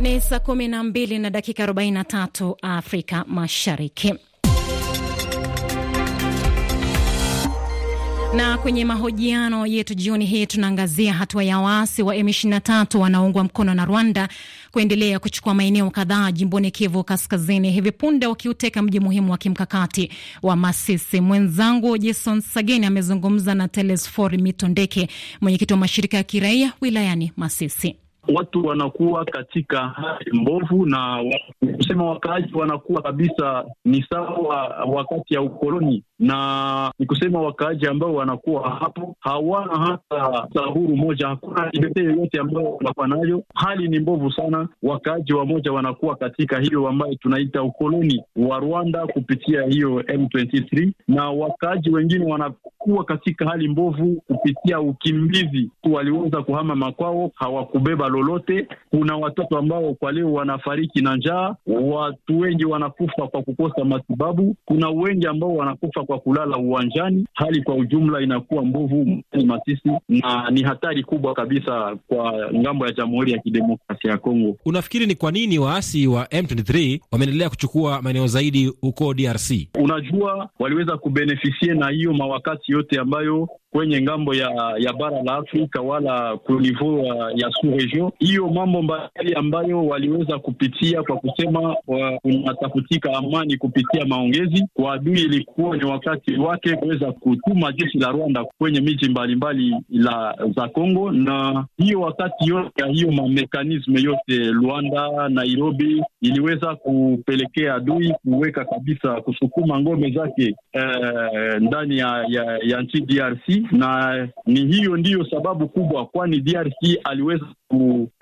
Ni saa kumi na mbili na dakika 43 Afrika Mashariki. Na kwenye mahojiano yetu jioni hii tunaangazia hatua ya waasi wa M23 wanaoungwa mkono na Rwanda kuendelea kuchukua maeneo kadhaa jimboni Kivu Kaskazini, hivi punde wakiuteka mji muhimu wa kimkakati wa Masisi. Mwenzangu Jason Sageni amezungumza na Telesfor Mitondeke, mwenyekiti wa mashirika ya kiraia wilayani Masisi watu wanakuwa katika hali mbovu na kusema wakaaji wanakuwa kabisa ni sawa wakati ya ukoloni, na ni kusema wakaaji ambao wanakuwa hapo hawana hata sahuru moja, hakuna liberté yoyote ambayo wanakuwa nayo. Hali ni mbovu sana, wakaaji wamoja wanakuwa katika hiyo ambayo tunaita ukoloni wa Rwanda kupitia hiyo M23, na wakaaji wengine wanakuwa katika hali mbovu kupitia ukimbizi, waliweza kuhama makwao, hawakubeba lolote. Kuna watoto ambao kwa leo wanafariki na njaa watu wengi wanakufa kwa kukosa matibabu. Kuna wengi ambao wanakufa kwa kulala uwanjani. Hali kwa ujumla inakuwa mbovu mjini Masisi, na ni hatari kubwa kabisa kwa ngambo ya Jamhuri ya Kidemokrasia ya Kongo. Unafikiri ni kwa nini waasi wa M23 wameendelea kuchukua maeneo zaidi huko DRC? Unajua, waliweza kubenefisie na hiyo mawakati yote ambayo kwenye ngambo ya, ya bara la Afrika wala ku niveau ya sous region. Hiyo mambo mbalimbali ambayo waliweza kupitia kwa kusema unatafutika amani kupitia maongezi, kwa adui ilikuwa ni wakati wake kuweza kutuma jeshi la Rwanda kwenye miji mbalimbali la za Kongo, na hiyo wakati yote ya hiyo mamekanisme yote Luanda, Nairobi iliweza kupelekea adui kuweka kabisa kusukuma ngome zake eh, ndani ya, ya, ya nchi DRC na ni hiyo ndiyo sababu kubwa, kwani DRC aliweza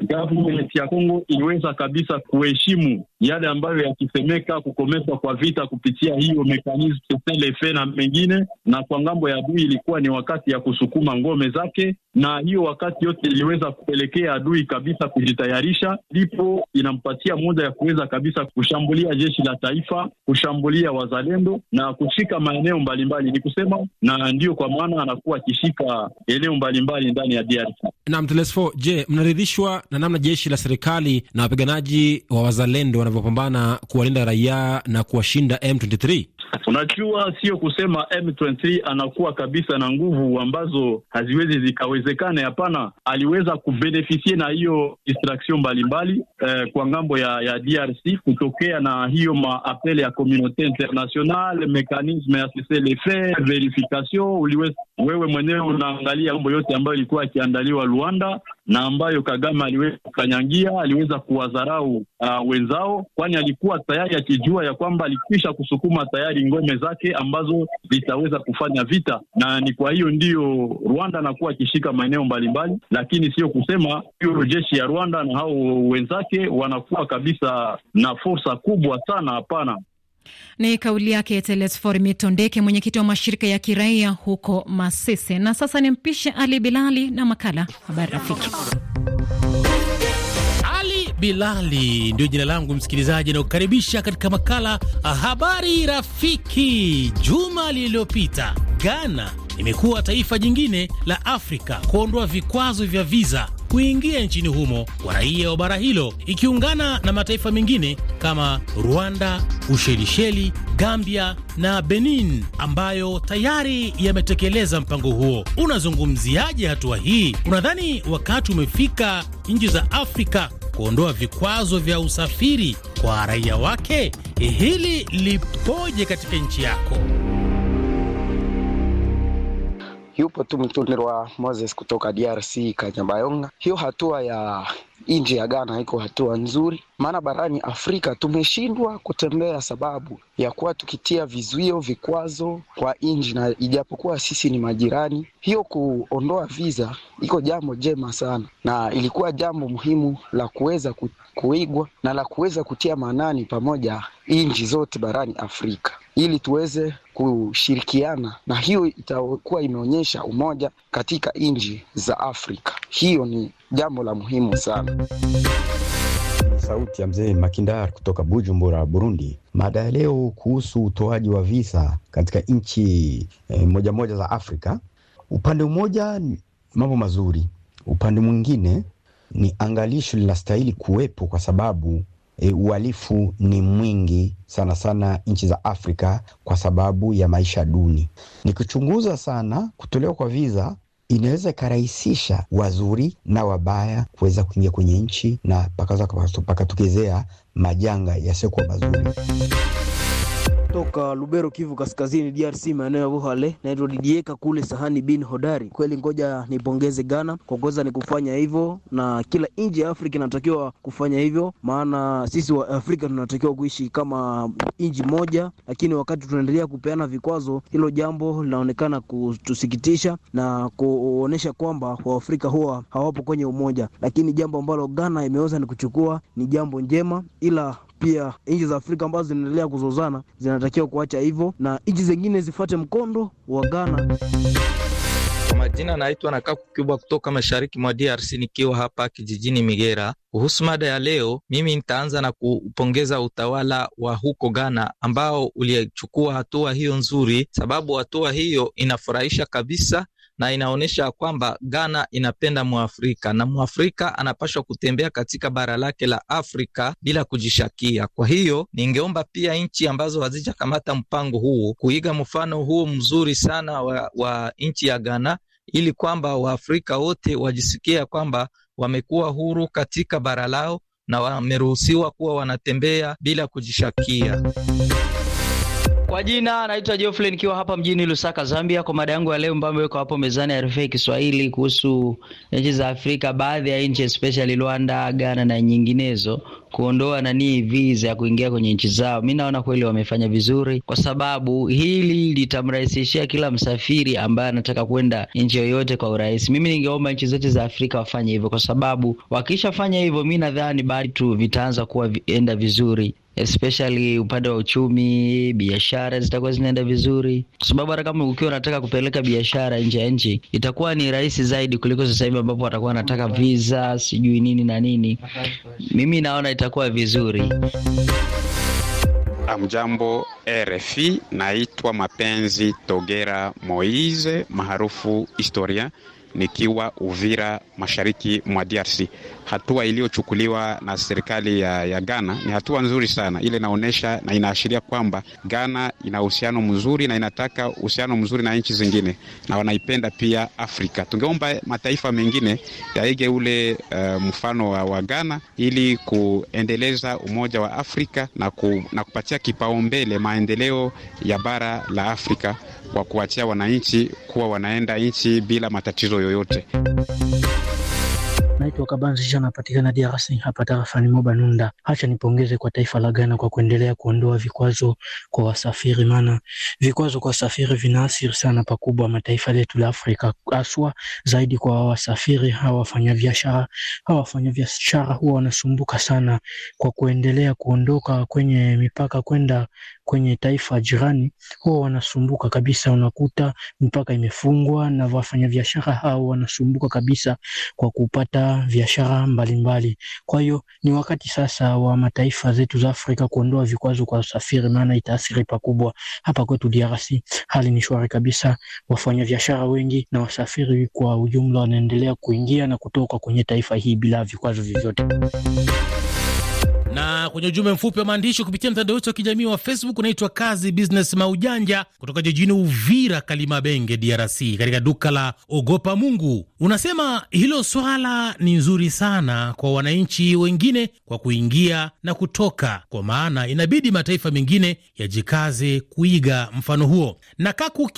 government ya Kongo iliweza kabisa kuheshimu yale ambayo yakisemeka kukomeshwa kwa vita kupitia hiyo mekanisme na mengine, na kwa ngambo ya adui ilikuwa ni wakati ya kusukuma ngome zake, na hiyo wakati yote iliweza kupelekea adui kabisa kujitayarisha, ndipo inampatia muda ya kuweza kabisa kushambulia jeshi la taifa, kushambulia wazalendo na kushika maeneo mbalimbali, ni kusema na ndiyo kwa maana anakuwa akishika eneo mbalimbali ndani ya DRC. Naam, je, mnari kuridhishwa na namna jeshi la serikali na wapiganaji wa wazalendo wanavyopambana kuwalinda raia na kuwashinda M23. Unajua, sio kusema M23 anakuwa kabisa na nguvu ambazo haziwezi zikawezekana. Hapana, aliweza kubenefisie na hiyo distraction mbalimbali eh, kwa ngambo ya, ya DRC kutokea na hiyo maapele ya communauté internationale, mekanisme ya cessez verifikation verification. Uliweza wewe mwenyewe unaangalia mambo yote ambayo ilikuwa akiandaliwa Luanda na ambayo Kagame aliweza kukanyangia, aliweza kuwadharau uh, wenzao, kwani alikuwa tayari akijua ya kwamba alikwisha kusukuma tayari tayari ngome zake ambazo zitaweza kufanya vita, na ni kwa hiyo ndiyo Rwanda anakuwa akishika maeneo mbalimbali, lakini sio kusema hiyo jeshi ya Rwanda na hao wenzake wanakuwa kabisa na fursa kubwa sana. Hapana. Ni kauli yake Telesfor Mitondeke, mwenyekiti wa mashirika ya kiraia huko Masese. Na sasa nimpishe Ali Bilali na makala Habari Rafiki. Bilali ndio jina langu msikilizaji, nakukaribisha katika makala ah, Habari Rafiki. Juma lililopita Ghana imekuwa taifa jingine la Afrika kuondoa vikwazo vya viza kuingia nchini humo kwa raia wa bara hilo ikiungana na mataifa mengine kama Rwanda, Ushelisheli, Gambia na Benin ambayo tayari yametekeleza mpango huo. Unazungumziaje hatua hii? Unadhani wakati umefika nchi za Afrika kuondoa vikwazo vya usafiri kwa raia wake. Eh, hili lipoje katika nchi yako? Yupo tu mtundiro wa Moses kutoka DRC Kanyabayonga. Hiyo hatua ya nchi ya Ghana iko hatua nzuri, maana barani Afrika tumeshindwa kutembea sababu ya kuwa tukitia vizuio vikwazo kwa nchi, na ijapokuwa sisi ni majirani, hiyo kuondoa visa iko jambo jema sana, na ilikuwa jambo muhimu la kuweza kuigwa na la kuweza kutia maanani pamoja nchi zote barani Afrika ili tuweze kushirikiana, na hiyo itakuwa imeonyesha umoja katika nchi za Afrika. Hiyo ni jambo la muhimu sana. Sauti ya mzee Makindar kutoka Bujumbura, Burundi. Mada ya leo kuhusu utoaji wa visa katika nchi e, eh, moja moja za Afrika. Upande mmoja mambo mazuri, upande mwingine ni angalisho linastahili kuwepo kwa sababu E, uhalifu ni mwingi sana sana nchi za Afrika kwa sababu ya maisha duni. Ni kuchunguza sana kutolewa kwa viza inaweza ikarahisisha wazuri na wabaya kuweza kuingia kwenye nchi na pakatokezea majanga yasiyokuwa mazuri. Toka Lubero, Kivu Kaskazini, DRC, maeneo ya Buhale. Naitwa Didieka kule sahani bin hodari kweli. Ngoja nipongeze Ghana kwa kuweza ni kufanya hivyo, na kila nchi ya Afrika inatakiwa kufanya hivyo, maana sisi wa Afrika tunatakiwa kuishi kama nchi moja, lakini wakati tunaendelea kupeana vikwazo, hilo jambo linaonekana kutusikitisha na kuonesha kwamba Waafrika huwa hawapo kwenye umoja, lakini jambo ambalo Ghana imeweza ni kuchukua ni jambo njema, ila pia nchi za Afrika ambazo zinaendelea kuzozana zinatakiwa kuacha hivyo na nchi zingine zifuate mkondo wa Ghana. Majina naitwa na Kaku Kubwa kutoka mashariki mwa DRC nikiwa hapa kijijini Migera. Kuhusu mada ya leo, mimi nitaanza na kupongeza utawala wa huko Ghana ambao ulichukua hatua hiyo nzuri, sababu hatua hiyo inafurahisha kabisa na inaonyesha kwamba Ghana inapenda Mwafrika na Mwafrika anapashwa kutembea katika bara lake la Afrika bila kujishakia. Kwa hiyo ningeomba pia nchi ambazo hazijakamata mpango huo kuiga mfano huo mzuri sana wa, wa nchi ya Ghana ili kwamba Waafrika wote wajisikia kwamba wamekuwa huru katika bara lao na wameruhusiwa kuwa wanatembea bila kujishakia. Kwa jina naitwa Geoffrey nikiwa hapa mjini Lusaka, Zambia. Kwa mada yangu ya leo ambayo imewekwa hapo mezani ya RFI Kiswahili kuhusu nchi za Afrika, baadhi ya nchi especially Rwanda, Ghana na nyinginezo kuondoa nani visa ya kuingia kwenye nchi zao. Mi naona kweli wamefanya vizuri, kwa sababu hili litamrahisishia kila msafiri ambaye anataka kwenda nchi yoyote kwa urahisi. Mimi ningeomba nchi zote za Afrika wafanye hivyo, kwa sababu wakishafanya hivyo, mi nadhani bado tu vitaanza kuwa vienda vizuri especially upande wa uchumi, biashara zitakuwa zinaenda vizuri, kwa sababu hata kama ukiwa unataka kupeleka biashara nje ya nchi itakuwa ni rahisi zaidi kuliko sasa hivi ambapo watakuwa wanataka visa sijui nini na nini. Mimi naona itakuwa vizuri. Amjambo RFI, naitwa Mapenzi Togera Moise maarufu historia nikiwa Uvira, mashariki mwa DRC. Hatua iliyochukuliwa na serikali ya, ya Ghana ni hatua nzuri sana, ile inaonyesha na inaashiria kwamba Ghana ina uhusiano mzuri na inataka uhusiano mzuri na nchi zingine na wanaipenda pia Afrika. Tungeomba mataifa mengine yaige ule uh, mfano wa, wa Ghana ili kuendeleza umoja wa Afrika na, ku, na kupatia kipaumbele maendeleo ya bara la Afrika kwa kuachia wananchi kuwa wanaenda nchi bila matatizo yoyote. Naitwa Kabanzisha, napatikana DRC hapa tarafani Nunda. Hacha nipongeze kwa taifa la Ghana kwa kuendelea kuondoa vikwazo kwa wasafiri, maana vikwazo kwa wasafiri vinaathiri sana pakubwa mataifa letu la Afrika, haswa zaidi kwa wasafiri hawa wafanyabiashara. Hawa wafanyabiashara huwa wanasumbuka sana kwa kuendelea kuondoka kwenye mipaka kwenda kwenye taifa jirani huwa wanasumbuka kabisa, unakuta mipaka imefungwa na biashara hao wanasumbuka kabisa kwa kupata biashara mbalimbali. Kwa hiyo ni wakati sasa wa mataifa zetu za Afrika kuondoa vikwazo kwa usafiri, maana itaathiri pakubwa. Hapa kwetu DRC hali ni shwari kabisa, biashara wengi na wasafiri kwa ujumla wanaendelea kuingia na kutoka kwenye taifa hii bila vikwazo vyovyote. Na kwenye ujumbe mfupi wa maandishi kupitia mtandao wetu wa kijamii wa Facebook unaitwa Kazi Business Maujanja kutoka jijini Uvira, Kalimabenge, DRC, katika duka la Ogopa Mungu, unasema hilo swala ni nzuri sana kwa wananchi wengine kwa kuingia na kutoka, kwa maana inabidi mataifa mengine yajikaze kuiga mfano huo. Na Kaku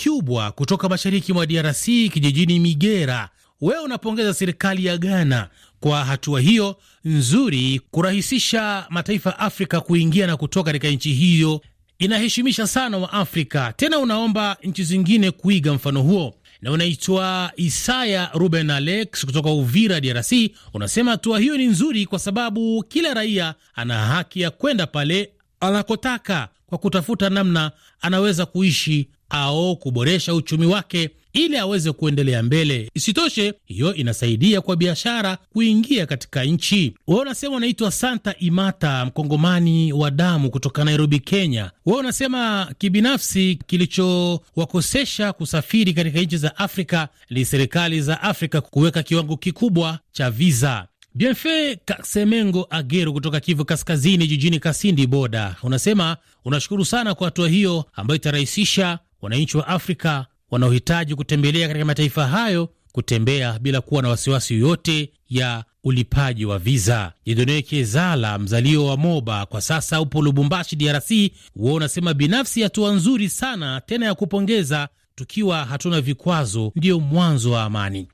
kutoka mashariki mwa DRC, kijijini Migera, wewe unapongeza serikali ya Ghana kwa hatua hiyo nzuri kurahisisha mataifa ya Afrika kuingia na kutoka katika nchi hiyo. Inaheshimisha sana wa afrika tena unaomba nchi zingine kuiga mfano huo. Na unaitwa Isaya Ruben Alex kutoka Uvira, DRC, unasema hatua hiyo ni nzuri kwa sababu kila raia ana haki ya kwenda pale anakotaka kwa kutafuta namna anaweza kuishi au kuboresha uchumi wake ili aweze kuendelea mbele. Isitoshe, hiyo inasaidia kwa biashara kuingia katika nchi. Wewe unasema unaitwa Santa Imata, mkongomani wa damu kutoka Nairobi, Kenya. Wewe unasema kibinafsi, kilichowakosesha kusafiri katika nchi za Afrika ni serikali za Afrika kuweka kiwango kikubwa cha viza. Bienfe Kasemengo Agero kutoka Kivu Kaskazini, jijini Kasindi Boda, unasema unashukuru sana kwa hatua hiyo ambayo itarahisisha wananchi wa Afrika wanaohitaji kutembelea katika mataifa hayo kutembea bila kuwa na wasiwasi yoyote ya ulipaji wa viza. Jedone Kezala, mzalio wa Moba, kwa sasa upo Lubumbashi, DRC. Huwa unasema binafsi, hatua nzuri sana tena ya kupongeza. Tukiwa hatuna vikwazo, ndiyo mwanzo wa amani.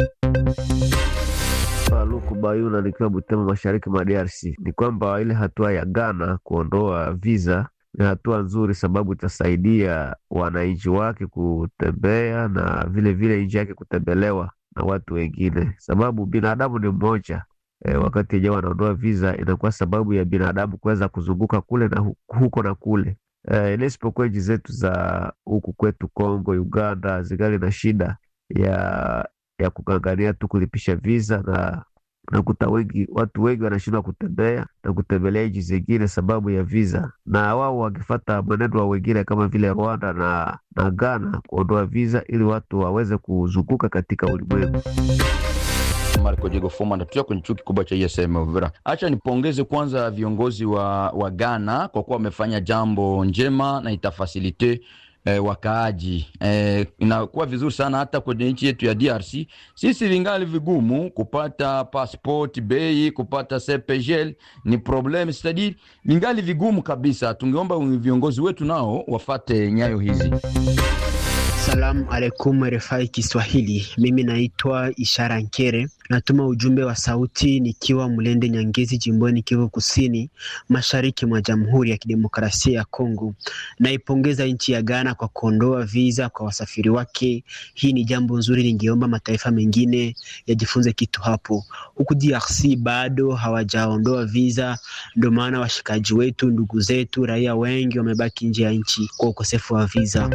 Luku Bayuna nikiwa Butema, mashariki mwa DRC. Ni kwamba ile hatua ya Ghana kuondoa viza ni hatua nzuri, sababu itasaidia wananchi wake kutembea na vilevile nchi yake kutembelewa na watu wengine, sababu binadamu ni mmoja. E, wakati yenyewe wanaondoa visa inakuwa sababu ya binadamu kuweza kuzunguka kule na huko na kule e, nchi zetu za huku kwetu Kongo, Uganda zingali na shida ya ya kugangania tu kulipisha visa na Nakuta wengi watu wengi wanashindwa kutembea na kutembelea nchi zingine sababu ya visa, na wao wakifata mwenendo wa wengine kama vile Rwanda na, na Ghana kuondoa visa ili watu waweze kuzunguka katika ulimwengu. Marco Diego Foma kwenye chuo kikubwa cha ISM e Uvira. Acha nipongeze kwanza viongozi wa, wa Ghana kwa kuwa wamefanya jambo njema na itafasilite eh, wakaaji eh, inakuwa vizuri sana. Hata kwenye nchi yetu ya DRC sisi vingali vigumu kupata passport, bei kupata CPGL ni problem stadi, vingali vigumu kabisa. Tungeomba viongozi wetu nao wafate nyayo hizi. Salamu alaikum RFI Kiswahili, mimi naitwa Ishara Nkere, natuma ujumbe wa sauti nikiwa Mlende Nyangezi, jimboni Kivu Kusini, mashariki mwa Jamhuri ya Kidemokrasia ya Kongo. Naipongeza nchi ya Ghana kwa kuondoa visa kwa wasafiri wake. Hii ni jambo nzuri, ningeomba mataifa mengine yajifunze kitu hapo. Huku DRC bado hawajaondoa visa, ndio maana washikaji wetu, ndugu zetu, raia wengi wamebaki nje ya nchi kwa ukosefu wa visa.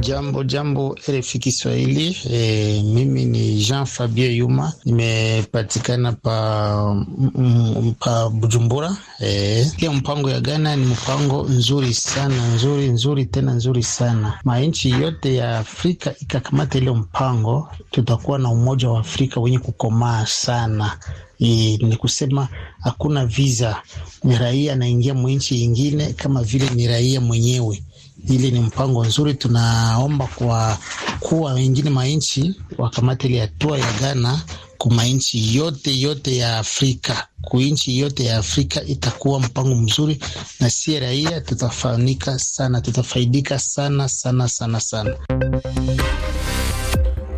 Jambo jambo RFI Kiswahili. E, mimi ni Jean Fabien Yuma, nimepatikana pa, mm, mm, pa Bujumbura. E, eh, kia mpango ya Ghana ni mpango nzuri sana, nzuri nzuri tena nzuri sana. Manchi yote ya Afrika ikakamata ile mpango, tutakuwa na umoja wa Afrika wenye kukomaa sana. E, ni kusema hakuna visa, ni raia anaingia mwinchi ingine kama vile ni raia mwenyewe Hili ni mpango nzuri, tunaomba kwa kuwa wengine mainchi wakamate ile hatua ya Ghana kumanchi yote yote ya Afrika, kuinchi yote ya Afrika itakuwa mpango mzuri, na si raia tutafanika sana, tutafaidika sana sana sana sana.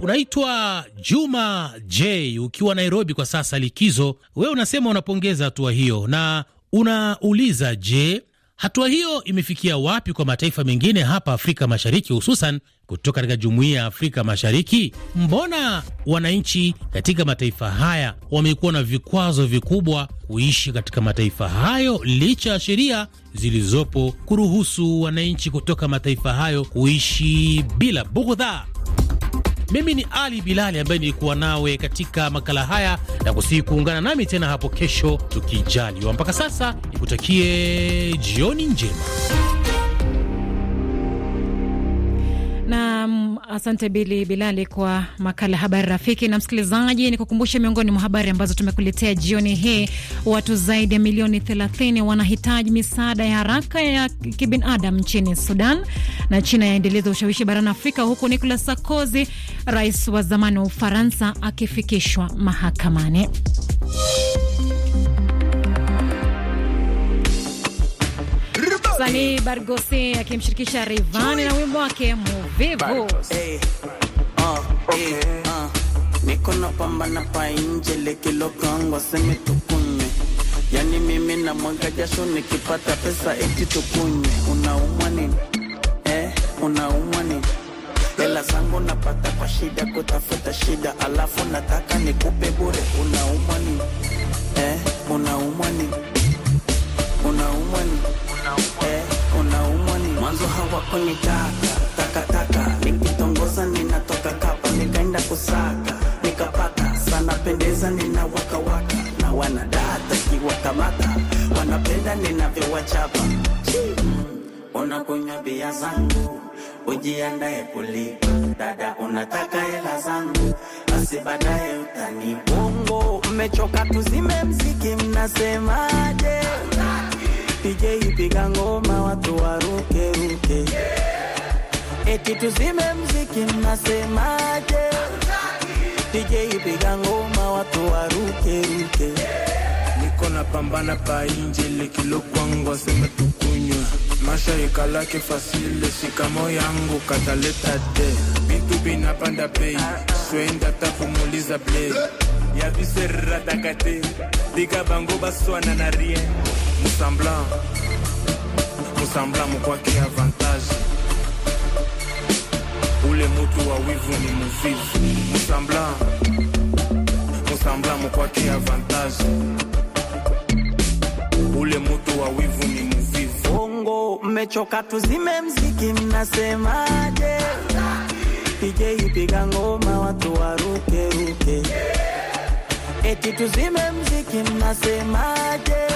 Unaitwa Juma J ukiwa Nairobi kwa sasa likizo. Wewe unasema unapongeza hatua hiyo na unauliza, je, Hatua hiyo imefikia wapi kwa mataifa mengine hapa Afrika Mashariki, hususan kutoka katika jumuiya ya Afrika Mashariki? Mbona wananchi katika mataifa haya wamekuwa na vikwazo vikubwa kuishi katika mataifa hayo, licha ya sheria zilizopo kuruhusu wananchi kutoka mataifa hayo kuishi bila bugdha? Mimi ni Ali Bilali ambaye nilikuwa nawe katika makala haya na kusihi kuungana nami tena hapo kesho tukijaliwa. Mpaka sasa nikutakie jioni njema. Asante Bili Bilali kwa makala habari rafiki. Na msikilizaji, ni kukumbusha miongoni mwa habari ambazo tumekuletea jioni hii, watu zaidi ya milioni 30 wanahitaji misaada ya haraka ya kibinadamu nchini Sudan, na China yaendeleza ushawishi barani Afrika, huku Nicolas Sarkozy, rais wa zamani wa Ufaransa, akifikishwa mahakamani. Sani Bargosi akimshirikisha Rivani na wimbo wake vivu. Hey, uh, okay. hey, uh, niko napambana pa nje lekilo kangu yani mimi na mwaga jasho nikipata pesa eti tukunywe. Unaumwa nini eh? Unaumwa nini? Hela zangu napata kwa shida, kutafuta shida, alafu nataka nikupe bure. Unaumwa nini eh? Unaumwa nini? Unaumwa nini eh? Unaumwa nini? Mwanzo hawakunitaka takataka, nikitongoza ninatoka kapa, nikaenda kusaka nikapata, sana pendeza, nina wakawaka na wanadata kiwakamata, wanapenda ninavyowachapa. Unakunywa bia zangu, ujiandae kulipa dada, unataka hela zangu basi baadaye utani. Bongo mmechoka, tuzime mziki, mnasemaje? DJ ngoma, watu waruke yeah eti tuzime mziki, mnasemaje? DJ ipiga ngoma, watu waruke ruke, niko na pambana pa inje likilokwangwa sema tukunywa masha ikalake fasile shikamo yangu kataleta de vitu vinapanda bei swenda takumuliza blei ya viseratakate diga bango baswana na rien musambla musambla mukwake avantage ule mutu wa wivu ni muvivu musambla musambla mukwake avantage ule mutu wa wivu ni muvivu bongo mmechoka tuzime mziki mnasemaje pige ipiga ngoma watu warukeruke eti tuzime mziki mnasemaje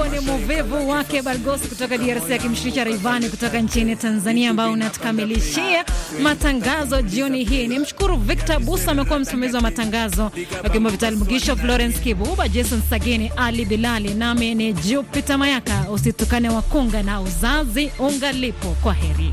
wimbo ni muvivu wake Balgos kutoka DRC akimshirikisha Rayvanny kutoka nchini Tanzania, ambao unatukamilishia matangazo jioni hii. Ni mshukuru Victor Busa, amekuwa msimamizi wa matangazo, wakiwemo Vital Mugisho, Florence Kibuba, Jason Sagini, Ali Bilali, nami ni Jupiter Mayaka. Usitukane wakunga na uzazi ungalipo. Kwa heri.